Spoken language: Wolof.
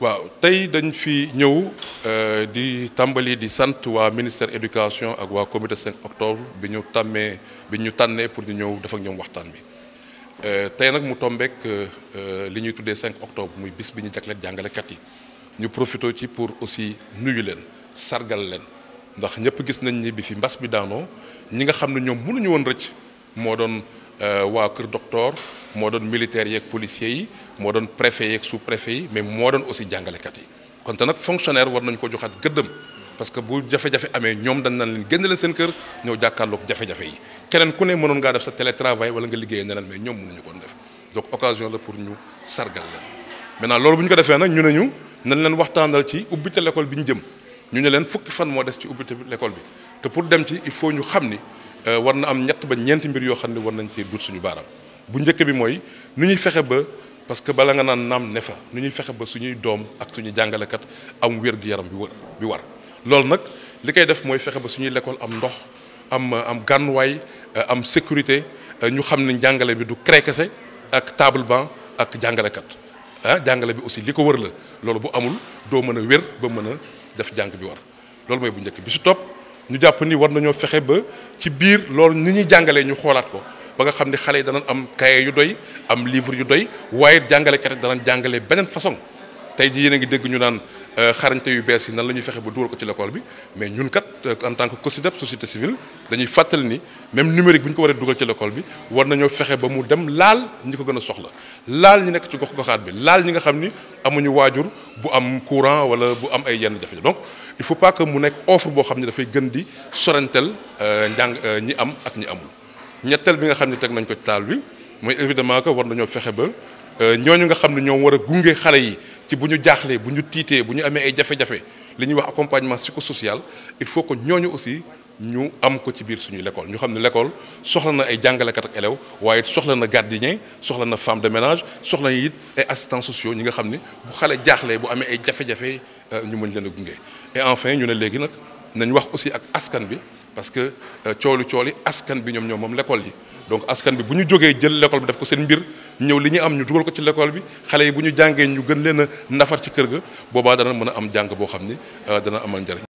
waaw tey dañ fi ñëw euh, di tàmbali di sant waa ministère éducation ak waa comité 5 octobre bi ñu tàmmee bi ñu tànnee pour ñu ñëw def ak ñoom waxtaan bi euh, tey nag mu tombeek euh, li ñuy tuddee 5 octobre muy bis bi ñu jagleel jàngalekat yi ñu profité ci pour aussi nuyu leen sargal leen ndax ñëpp gis nañ ni bi fi mbas bi daanoo ñi nga xam ne ñoom mënuñu woon rëcc moo doon Euh, wa keur docteur moo doon militaires yeeg policiers yi moo doon préfet yeeg sous préfet yi mais moo doon aussi kat yi kon te nag fonctionnaire war nañ ko joxat gëddëm parce que bu jafé jafé amé ñom dañ nañ leen génn leen seen kër ñëw jàkkaarloog jafé jafe yi keneen ku ne mënoon nga def sa télétravail wala nga liggéeyee nenañ mais ñom mënuñu ko def donc occasion la pour ñu sargal leen maintenant loolu buñ ko défé nak ñu ne nañ leen waxtaanal ci ubbite l'école bi jëm ñu ne leen fukki fan mo des ci ubbite l'école bi te pour dem ci il faut ñu xamni Euh, war na am ñett ba ñeenti mbir yoo xam ne war nañ cee dut suñu baaraam bu njëkk bi mooy nu ñuy fexe ba parce que bala nga naan naam ne fa nu ñuy fexe ba suñuy doom ak suñu jàngalekat am wér-gu-yaram bi war bi war loolu nag li koy def mooy fexe ba suñuy lekkool am ndox am am gànnuwaay euh, am sécurité euh, ñu xam ne jàngale bi du krekese ak table banc ak jàngalekat ah jàngale bi aussi li ko wër la loolu bu amul doo mën a wér ba mën a def jàng bi war loolu mooy bu njëkk bi si topp ñu jàpp ni war nañoo fexe ba ci biir loolu ni ñuy jàngalee ñu xoolaat ko ba nga xam ni xale yi danañ am cahier yu doy am livre yu doy waaye jàngalekat yi danañ jàngale beneen façon tey jii yéen a ngi dégg ñu naan. Euh, xarañte yu bees yi nan la ñuy fexe ba dugal ko ci l'école bi mais ñun kat euh, en tant que COSYDEP société civile dañuy fàttali ni même numérique buñ ko war a dugal ci l'école bi war nañoo fexe ba mu dem laal ñi ko gën a soxla laal ñi nekk ci gox goxaat bi laal ñi nga xam ni amuñu waajur bu am courant wala bu am ay yenn jafe donc il faut pas que mu nekk offre boo xam ne dafay gën di sorantel euh, njàng ñi am ak ñi amul ñetteel bi nga xam ne teg nañ ko ci taal bi mooy évidemment que war nañoo fexe ba euh, ñooñu nga xam ne ñoom war a gunge xale yi ci bu ñu jaaxlee bu ñu tiitee bu ñu amee ay jafe-jafe li ñuy wax accompagnement psychosocial il faut que ñooñu aussi ñu am ko ci biir suñu l'école ñu xam ne l'école soxla na ay jàngalekat ak élèves waaye soxla na gardien soxla na femme de ménage soxla na it ay assistants sociaux ñi nga xam ne bu xale jaaxlee bu amee ay jafe-jafe euh, ñu mën leen a gunge et enfin ñu ne léegi nag nañ wax aussi ak askan bi parce que coolu euh, cooli askan bi ñoom ñoom moom l'école yi donc askan bi bu ñu jógee jël l'école bi def ko seen mbir ñëw li ñu am ñu dugal ko ci lekkool bi xale yi bu ñu jàngee ñu gën leen a nafar ci kër ga boobaa dana mën a am jàng boo xam ni euh, dana amal njariñ